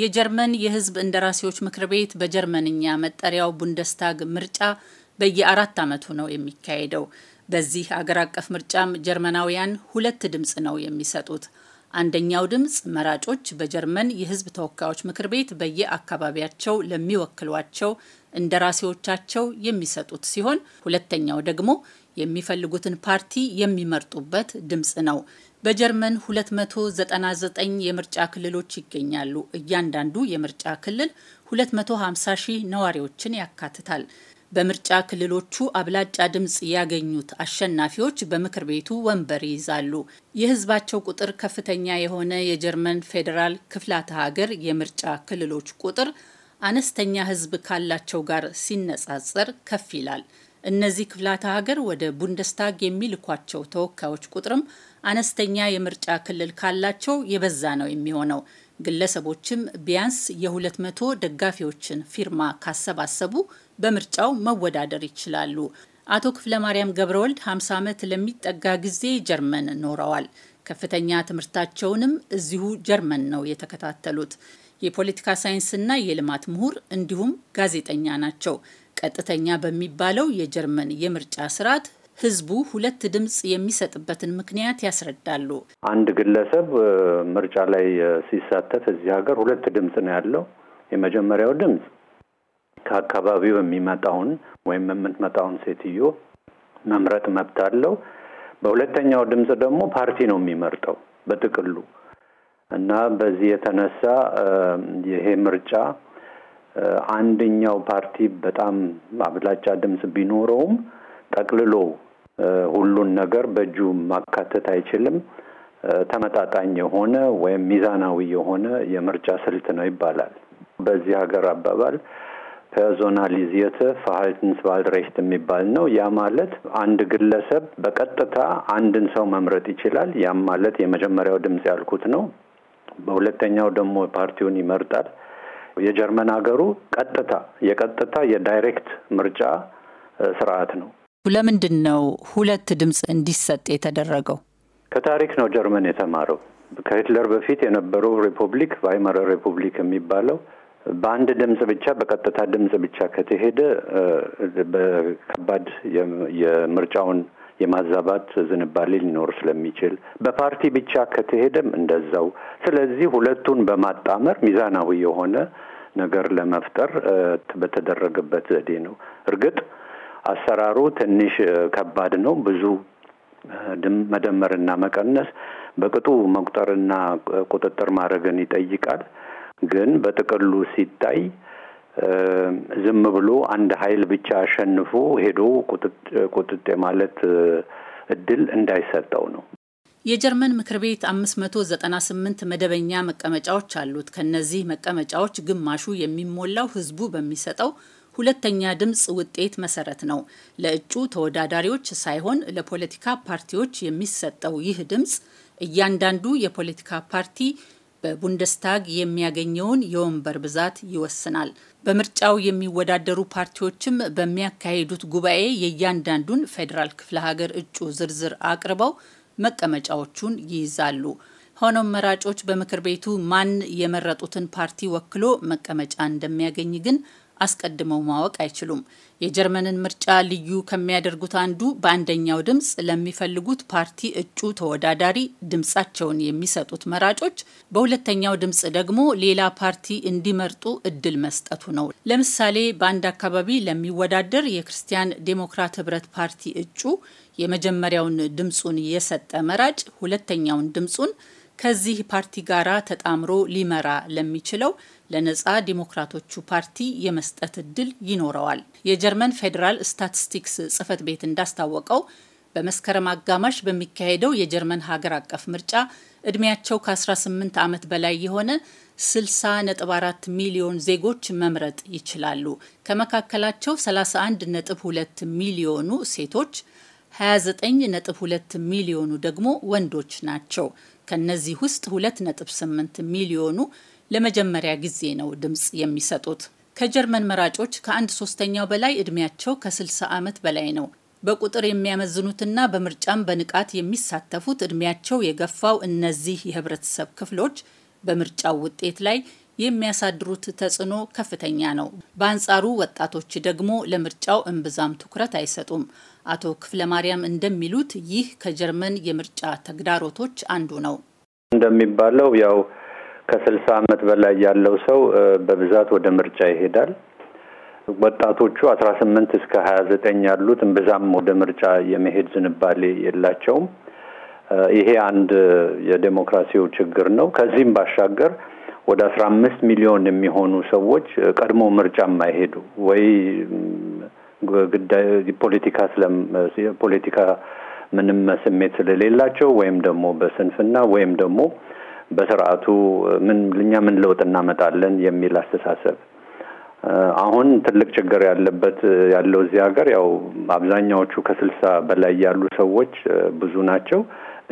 የጀርመን የሕዝብ እንደራሴዎች ምክር ቤት በጀርመንኛ መጠሪያው ቡንደስታግ ምርጫ በየአራት ዓመቱ ነው የሚካሄደው። በዚህ አገር አቀፍ ምርጫም ጀርመናውያን ሁለት ድምፅ ነው የሚሰጡት። አንደኛው ድምፅ መራጮች በጀርመን የሕዝብ ተወካዮች ምክር ቤት በየአካባቢያቸው ለሚወክሏቸው እንደራሴዎቻቸው የሚሰጡት ሲሆን ሁለተኛው ደግሞ የሚፈልጉትን ፓርቲ የሚመርጡበት ድምፅ ነው። በጀርመን 299 የምርጫ ክልሎች ይገኛሉ። እያንዳንዱ የምርጫ ክልል 250 ሺህ ነዋሪዎችን ያካትታል። በምርጫ ክልሎቹ አብላጫ ድምፅ ያገኙት አሸናፊዎች በምክር ቤቱ ወንበር ይይዛሉ። የህዝባቸው ቁጥር ከፍተኛ የሆነ የጀርመን ፌዴራል ክፍላተ ሀገር የምርጫ ክልሎች ቁጥር አነስተኛ ሕዝብ ካላቸው ጋር ሲነጻጸር ከፍ ይላል። እነዚህ ክፍላተ ሀገር ወደ ቡንደስታግ የሚልኳቸው ተወካዮች ቁጥርም አነስተኛ የምርጫ ክልል ካላቸው የበዛ ነው የሚሆነው። ግለሰቦችም ቢያንስ የ200 ደጋፊዎችን ፊርማ ካሰባሰቡ በምርጫው መወዳደር ይችላሉ። አቶ ክፍለ ማርያም ገብረወልድ 50 ዓመት ለሚጠጋ ጊዜ ጀርመን ኖረዋል። ከፍተኛ ትምህርታቸውንም እዚሁ ጀርመን ነው የተከታተሉት። የፖለቲካ ሳይንስና የልማት ምሁር እንዲሁም ጋዜጠኛ ናቸው። ቀጥተኛ በሚባለው የጀርመን የምርጫ ስርዓት ህዝቡ ሁለት ድምፅ የሚሰጥበትን ምክንያት ያስረዳሉ። አንድ ግለሰብ ምርጫ ላይ ሲሳተፍ እዚህ ሀገር ሁለት ድምፅ ነው ያለው። የመጀመሪያው ድምፅ ከአካባቢው የሚመጣውን ወይም የምትመጣውን ሴትዮ መምረጥ መብት አለው። በሁለተኛው ድምፅ ደግሞ ፓርቲ ነው የሚመርጠው በጥቅሉ እና በዚህ የተነሳ ይሄ ምርጫ አንደኛው ፓርቲ በጣም አብላጫ ድምፅ ቢኖረውም ጠቅልሎ ሁሉን ነገር በእጁ ማካተት አይችልም። ተመጣጣኝ የሆነ ወይም ሚዛናዊ የሆነ የምርጫ ስልት ነው ይባላል። በዚህ ሀገር አባባል ፐርሶናሊዜተ ቨርሃልተንስዋhlrecht የሚባል ነው። ያ ማለት አንድ ግለሰብ በቀጥታ አንድን ሰው መምረጥ ይችላል። ያም ማለት የመጀመሪያው ድምፅ ያልኩት ነው። በሁለተኛው ደግሞ ፓርቲውን ይመርጣል። የጀርመን ሀገሩ ቀጥታ የቀጥታ የዳይሬክት ምርጫ ስርዓት ነው። ለምንድን ነው ሁለት ድምፅ እንዲሰጥ የተደረገው? ከታሪክ ነው ጀርመን የተማረው። ከሂትለር በፊት የነበረው ሪፑብሊክ ቫይመር ሪፑብሊክ የሚባለው በአንድ ድምፅ ብቻ በቀጥታ ድምፅ ብቻ ከተሄደ በከባድ የምርጫውን የማዛባት ዝንባሌ ሊኖር ስለሚችል በፓርቲ ብቻ ከተሄደም እንደዛው። ስለዚህ ሁለቱን በማጣመር ሚዛናዊ የሆነ ነገር ለመፍጠር በተደረገበት ዘዴ ነው። እርግጥ አሰራሩ ትንሽ ከባድ ነው። ብዙ መደመርና መቀነስ በቅጡ መቁጠርና ቁጥጥር ማድረግን ይጠይቃል። ግን በጥቅሉ ሲታይ ዝም ብሎ አንድ ኃይል ብቻ አሸንፎ ሄዶ ቁጥጥ የማለት እድል እንዳይሰጠው ነው። የጀርመን ምክር ቤት 598 መደበኛ መቀመጫዎች አሉት። ከነዚህ መቀመጫዎች ግማሹ የሚሞላው ህዝቡ በሚሰጠው ሁለተኛ ድምፅ ውጤት መሰረት ነው። ለእጩ ተወዳዳሪዎች ሳይሆን ለፖለቲካ ፓርቲዎች የሚሰጠው ይህ ድምፅ እያንዳንዱ የፖለቲካ ፓርቲ በቡንደስታግ የሚያገኘውን የወንበር ብዛት ይወስናል። በምርጫው የሚወዳደሩ ፓርቲዎችም በሚያካሂዱት ጉባኤ የእያንዳንዱን ፌዴራል ክፍለ ሀገር እጩ ዝርዝር አቅርበው መቀመጫዎቹን ይይዛሉ። ሆኖም መራጮች በምክር ቤቱ ማን የመረጡትን ፓርቲ ወክሎ መቀመጫ እንደሚያገኝ ግን አስቀድመው ማወቅ አይችሉም። የጀርመንን ምርጫ ልዩ ከሚያደርጉት አንዱ በአንደኛው ድምፅ ለሚፈልጉት ፓርቲ እጩ ተወዳዳሪ ድምፃቸውን የሚሰጡት መራጮች በሁለተኛው ድምፅ ደግሞ ሌላ ፓርቲ እንዲመርጡ እድል መስጠቱ ነው። ለምሳሌ በአንድ አካባቢ ለሚወዳደር የክርስቲያን ዴሞክራት ህብረት ፓርቲ እጩ የመጀመሪያውን ድምፁን የሰጠ መራጭ ሁለተኛውን ድምፁን ከዚህ ፓርቲ ጋራ ተጣምሮ ሊመራ ለሚችለው ለነጻ ዲሞክራቶቹ ፓርቲ የመስጠት እድል ይኖረዋል። የጀርመን ፌዴራል ስታቲስቲክስ ጽህፈት ቤት እንዳስታወቀው በመስከረም አጋማሽ በሚካሄደው የጀርመን ሀገር አቀፍ ምርጫ እድሜያቸው ከ18 ዓመት በላይ የሆነ 60.4 ሚሊዮን ዜጎች መምረጥ ይችላሉ። ከመካከላቸው 31.2 ሚሊዮኑ ሴቶች፣ 29.2 ሚሊዮኑ ደግሞ ወንዶች ናቸው። ከነዚህ ውስጥ 2.8 ሚሊዮኑ ለመጀመሪያ ጊዜ ነው ድምፅ የሚሰጡት። ከጀርመን መራጮች ከአንድ ሶስተኛው በላይ እድሜያቸው ከ60 ዓመት በላይ ነው። በቁጥር የሚያመዝኑትና በምርጫም በንቃት የሚሳተፉት እድሜያቸው የገፋው እነዚህ የህብረተሰብ ክፍሎች በምርጫው ውጤት ላይ የሚያሳድሩት ተጽዕኖ ከፍተኛ ነው። በአንጻሩ ወጣቶች ደግሞ ለምርጫው እምብዛም ትኩረት አይሰጡም። አቶ ክፍለ ማርያም እንደሚሉት ይህ ከጀርመን የምርጫ ተግዳሮቶች አንዱ ነው። እንደሚባለው ያው ከስልሳ ዓመት በላይ ያለው ሰው በብዛት ወደ ምርጫ ይሄዳል። ወጣቶቹ አስራ ስምንት እስከ ሀያ ዘጠኝ ያሉት እምብዛም ወደ ምርጫ የመሄድ ዝንባሌ የላቸውም። ይሄ አንድ የዴሞክራሲው ችግር ነው። ከዚህም ባሻገር ወደ አስራ አምስት ሚሊዮን የሚሆኑ ሰዎች ቀድሞ ምርጫ የማይሄዱ ወይ ግዳይ ፖለቲካ ፖለቲካ ምንም ስሜት ስለሌላቸው ወይም ደግሞ በስንፍና ወይም ደግሞ በስርዓቱ ምን ልኛ ምን ለውጥ እናመጣለን የሚል አስተሳሰብ አሁን ትልቅ ችግር ያለበት ያለው እዚህ ሀገር ያው አብዛኛዎቹ ከስልሳ በላይ ያሉ ሰዎች ብዙ ናቸው።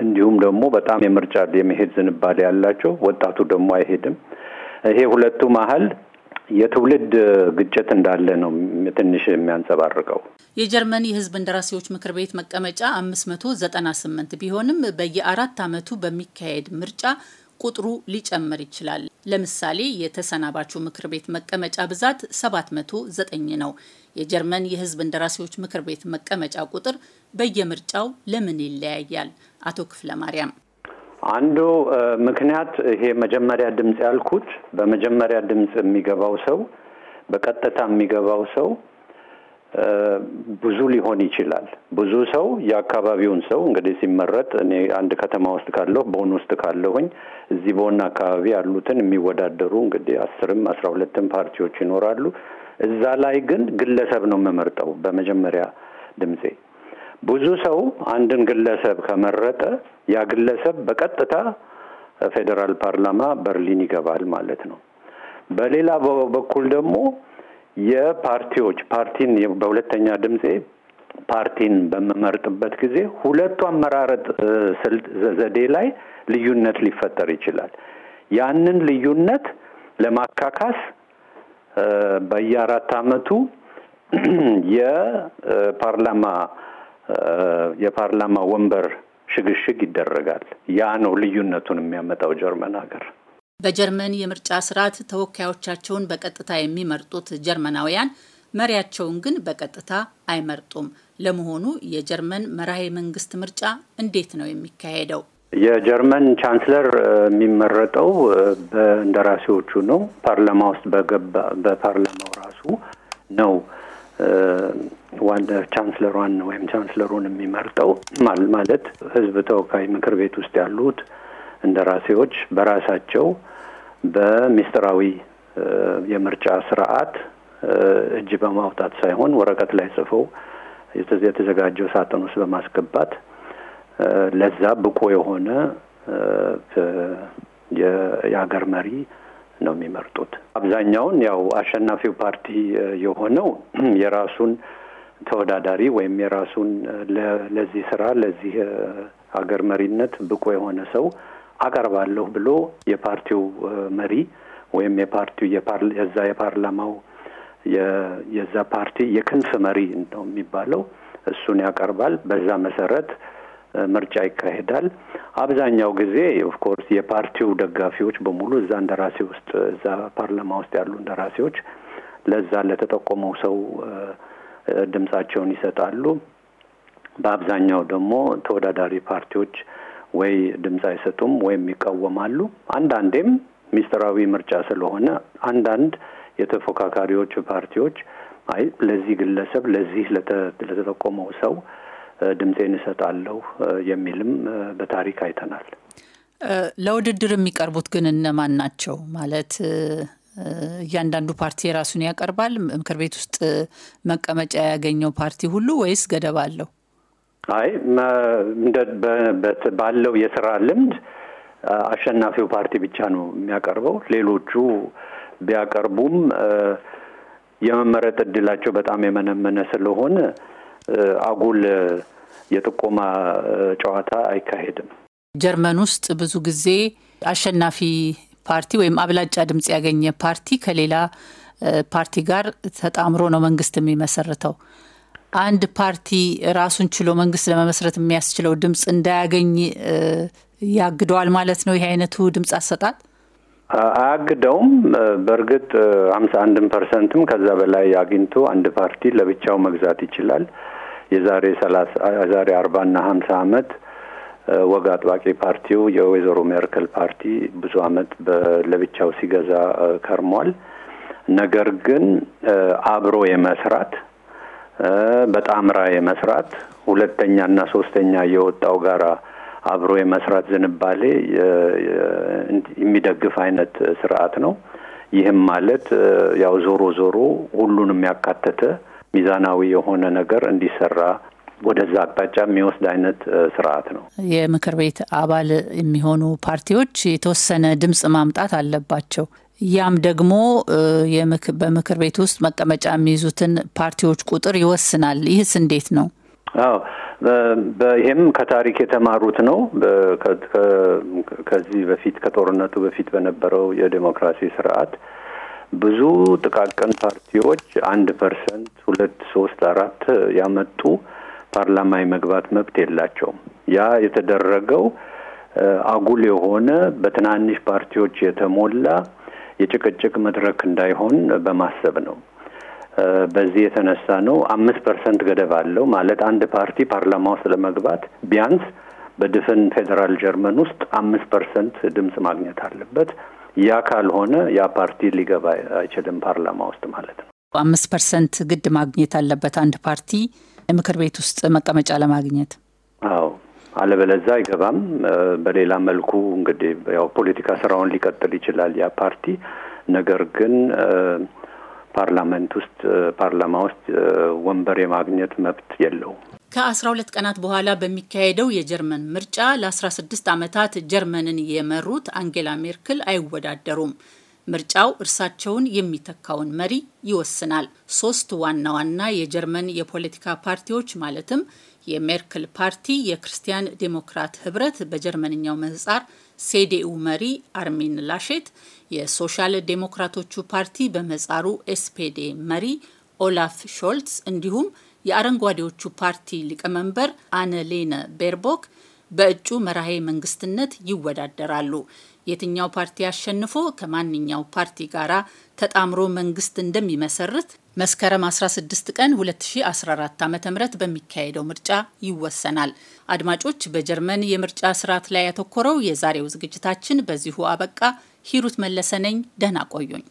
እንዲሁም ደግሞ በጣም የምርጫ የመሄድ ዝንባሌ ያላቸው ወጣቱ ደግሞ አይሄድም። ይሄ ሁለቱ መሀል የትውልድ ግጭት እንዳለ ነው ትንሽ የሚያንጸባርቀው። የጀርመን የሕዝብ እንደራሴዎች ምክር ቤት መቀመጫ አምስት መቶ ዘጠና ስምንት ቢሆንም በየአራት ዓመቱ በሚካሄድ ምርጫ ቁጥሩ ሊጨምር ይችላል። ለምሳሌ የተሰናባቹ ምክር ቤት መቀመጫ ብዛት 709 ነው። የጀርመን የህዝብ እንደራሴዎች ምክር ቤት መቀመጫ ቁጥር በየምርጫው ለምን ይለያያል? አቶ ክፍለ ማርያም አንዱ ምክንያት ይሄ መጀመሪያ ድምፅ ያልኩት በመጀመሪያ ድምፅ የሚገባው ሰው በቀጥታ የሚገባው ሰው ብዙ ሊሆን ይችላል። ብዙ ሰው የአካባቢውን ሰው እንግዲህ ሲመረጥ እኔ አንድ ከተማ ውስጥ ካለሁ ቦን ውስጥ ካለሁኝ እዚህ ቦን አካባቢ ያሉትን የሚወዳደሩ እንግዲህ አስርም አስራ ሁለትም ፓርቲዎች ይኖራሉ። እዛ ላይ ግን ግለሰብ ነው የምመርጠው በመጀመሪያ ድምፄ። ብዙ ሰው አንድን ግለሰብ ከመረጠ ያ ግለሰብ በቀጥታ ፌዴራል ፓርላማ በርሊን ይገባል ማለት ነው። በሌላ በኩል ደግሞ የፓርቲዎች ፓርቲን በሁለተኛ ድምፄ ፓርቲን በምመርጥበት ጊዜ ሁለቱ አመራረጥ ዘዴ ላይ ልዩነት ሊፈጠር ይችላል። ያንን ልዩነት ለማካካስ በየአራት አመቱ የፓርላማ የፓርላማ ወንበር ሽግሽግ ይደረጋል። ያ ነው ልዩነቱን የሚያመጣው ጀርመን ሀገር። በጀርመን የምርጫ ስርዓት ተወካዮቻቸውን በቀጥታ የሚመርጡት ጀርመናውያን መሪያቸውን ግን በቀጥታ አይመርጡም። ለመሆኑ የጀርመን መራሄ መንግስት ምርጫ እንዴት ነው የሚካሄደው? የጀርመን ቻንስለር የሚመረጠው በእንደራሴዎቹ ነው። ፓርላማ ውስጥ በገባ በፓርላማው ራሱ ነው ቻንስለሯን ወይም ቻንስለሩን የሚመርጠው ማለት ህዝብ ተወካይ ምክር ቤት ውስጥ ያሉት እንደራሴዎች በራሳቸው በሚስጥራዊ የምርጫ ስርዓት እጅ በማውጣት ሳይሆን ወረቀት ላይ ጽፈው የተዘጋጀው ሳጥን ውስጥ በማስገባት ለዛ ብቁ የሆነ የአገር መሪ ነው የሚመርጡት። አብዛኛውን ያው አሸናፊው ፓርቲ የሆነው የራሱን ተወዳዳሪ ወይም የራሱን ለዚህ ስራ ለዚህ ሀገር መሪነት ብቁ የሆነ ሰው አቀርባለሁ ብሎ የፓርቲው መሪ ወይም የፓርቲው የዛ የፓርላማው የዛ ፓርቲ የክንፍ መሪ ነው የሚባለው እሱን ያቀርባል። በዛ መሰረት ምርጫ ይካሄዳል። አብዛኛው ጊዜ ኦፍኮርስ የፓርቲው ደጋፊዎች በሙሉ እዛ እንደራሴ ውስጥ እዛ ፓርላማ ውስጥ ያሉ እንደራሴዎች ለዛ ለተጠቆመው ሰው ድምጻቸውን ይሰጣሉ። በአብዛኛው ደግሞ ተወዳዳሪ ፓርቲዎች ወይ ድምፅ አይሰጡም ወይም ይቃወማሉ። አንዳንዴም ሚስጥራዊ ምርጫ ስለሆነ አንዳንድ የተፎካካሪዎች ፓርቲዎች አይ ለዚህ ግለሰብ ለዚህ ለተጠቆመው ሰው ድምፄን እሰጣለሁ የሚልም በታሪክ አይተናል። ለውድድር የሚቀርቡት ግን እነማን ናቸው? ማለት እያንዳንዱ ፓርቲ የራሱን ያቀርባል። ምክር ቤት ውስጥ መቀመጫ ያገኘው ፓርቲ ሁሉ ወይስ ገደብ አለው? አይ ባለው የስራ ልምድ አሸናፊው ፓርቲ ብቻ ነው የሚያቀርበው። ሌሎቹ ቢያቀርቡም የመመረጥ እድላቸው በጣም የመነመነ ስለሆነ አጉል የጥቆማ ጨዋታ አይካሄድም። ጀርመን ውስጥ ብዙ ጊዜ አሸናፊ ፓርቲ ወይም አብላጫ ድምፅ ያገኘ ፓርቲ ከሌላ ፓርቲ ጋር ተጣምሮ ነው መንግስት የሚመሰርተው። አንድ ፓርቲ ራሱን ችሎ መንግስት ለመመስረት የሚያስችለው ድምፅ እንዳያገኝ ያግደዋል ማለት ነው። ይህ አይነቱ ድምፅ አሰጣጥ አያግደውም። በእርግጥ ሀምሳ አንድም ፐርሰንትም ከዛ በላይ አግኝቶ አንድ ፓርቲ ለብቻው መግዛት ይችላል። የዛሬ ሰላሳ የዛሬ አርባና ሀምሳ አመት ወግ አጥባቂ ፓርቲው የወይዘሮ ሜርከል ፓርቲ ብዙ አመት ለብቻው ሲገዛ ከርሟል። ነገር ግን አብሮ የመስራት በጣምራ የመስራት እና ሶስተኛ የወጣው ጋራ አብሮ የመስራት ዝንባሌ የሚደግፍ አይነት ስርዓት ነው። ይህም ማለት ያው ዞሮ ዞሮ ሁሉንም ያካተተ ሚዛናዊ የሆነ ነገር እንዲሰራ ወደዛ አቅጣጫ የሚወስድ አይነት ስርዓት ነው። የምክር ቤት አባል የሚሆኑ ፓርቲዎች የተወሰነ ድምፅ ማምጣት አለባቸው። ያም ደግሞ በምክር ቤት ውስጥ መቀመጫ የሚይዙትን ፓርቲዎች ቁጥር ይወስናል። ይህስ እንዴት ነው? አዎ ከታሪክ የተማሩት ነው። ከዚህ በፊት ከጦርነቱ በፊት በነበረው የዴሞክራሲ ስርዓት ብዙ ጥቃቅን ፓርቲዎች አንድ ፐርሰንት፣ ሁለት፣ ሶስት፣ አራት ያመጡ ፓርላማ የመግባት መብት የላቸውም። ያ የተደረገው አጉል የሆነ በትናንሽ ፓርቲዎች የተሞላ የጭቅጭቅ መድረክ እንዳይሆን በማሰብ ነው። በዚህ የተነሳ ነው አምስት ፐርሰንት ገደብ አለው ማለት አንድ ፓርቲ ፓርላማ ውስጥ ለመግባት ቢያንስ በድፍን ፌዴራል ጀርመን ውስጥ አምስት ፐርሰንት ድምፅ ማግኘት አለበት። ያ ካልሆነ ያ ፓርቲ ሊገባ አይችልም ፓርላማ ውስጥ ማለት ነው። አምስት ፐርሰንት ግድ ማግኘት አለበት አንድ ፓርቲ ምክር ቤት ውስጥ መቀመጫ ለማግኘት። አዎ አለበለዛ አይገባም። በሌላ መልኩ እንግዲህ ያው ፖለቲካ ስራውን ሊቀጥል ይችላል ያ ፓርቲ። ነገር ግን ፓርላመንት ውስጥ ፓርላማ ውስጥ ወንበር የማግኘት መብት የለውም። ከአስራ ሁለት ቀናት በኋላ በሚካሄደው የጀርመን ምርጫ ለአስራ ስድስት ዓመታት ጀርመንን የመሩት አንጌላ ሜርክል አይወዳደሩም። ምርጫው እርሳቸውን የሚተካውን መሪ ይወስናል። ሶስት ዋና ዋና የጀርመን የፖለቲካ ፓርቲዎች ማለትም የሜርክል ፓርቲ፣ የክርስቲያን ዴሞክራት ህብረት በጀርመንኛው ምህጻር ሴዴኡ መሪ አርሚን ላሼት፣ የሶሻል ዴሞክራቶቹ ፓርቲ በምህጻሩ ኤስፔዴ መሪ ኦላፍ ሾልትስ እንዲሁም የአረንጓዴዎቹ ፓርቲ ሊቀመንበር አነሌነ ቤርቦክ በእጩ መራሄ መንግስትነት ይወዳደራሉ። የትኛው ፓርቲ አሸንፎ ከማንኛው ፓርቲ ጋር ተጣምሮ መንግስት እንደሚመሰርት መስከረም 16 ቀን 2014 ዓ ም በሚካሄደው ምርጫ ይወሰናል። አድማጮች፣ በጀርመን የምርጫ ስርዓት ላይ ያተኮረው የዛሬው ዝግጅታችን በዚሁ አበቃ። ሂሩት መለሰ ነኝ። ደህና ቆዩኝ።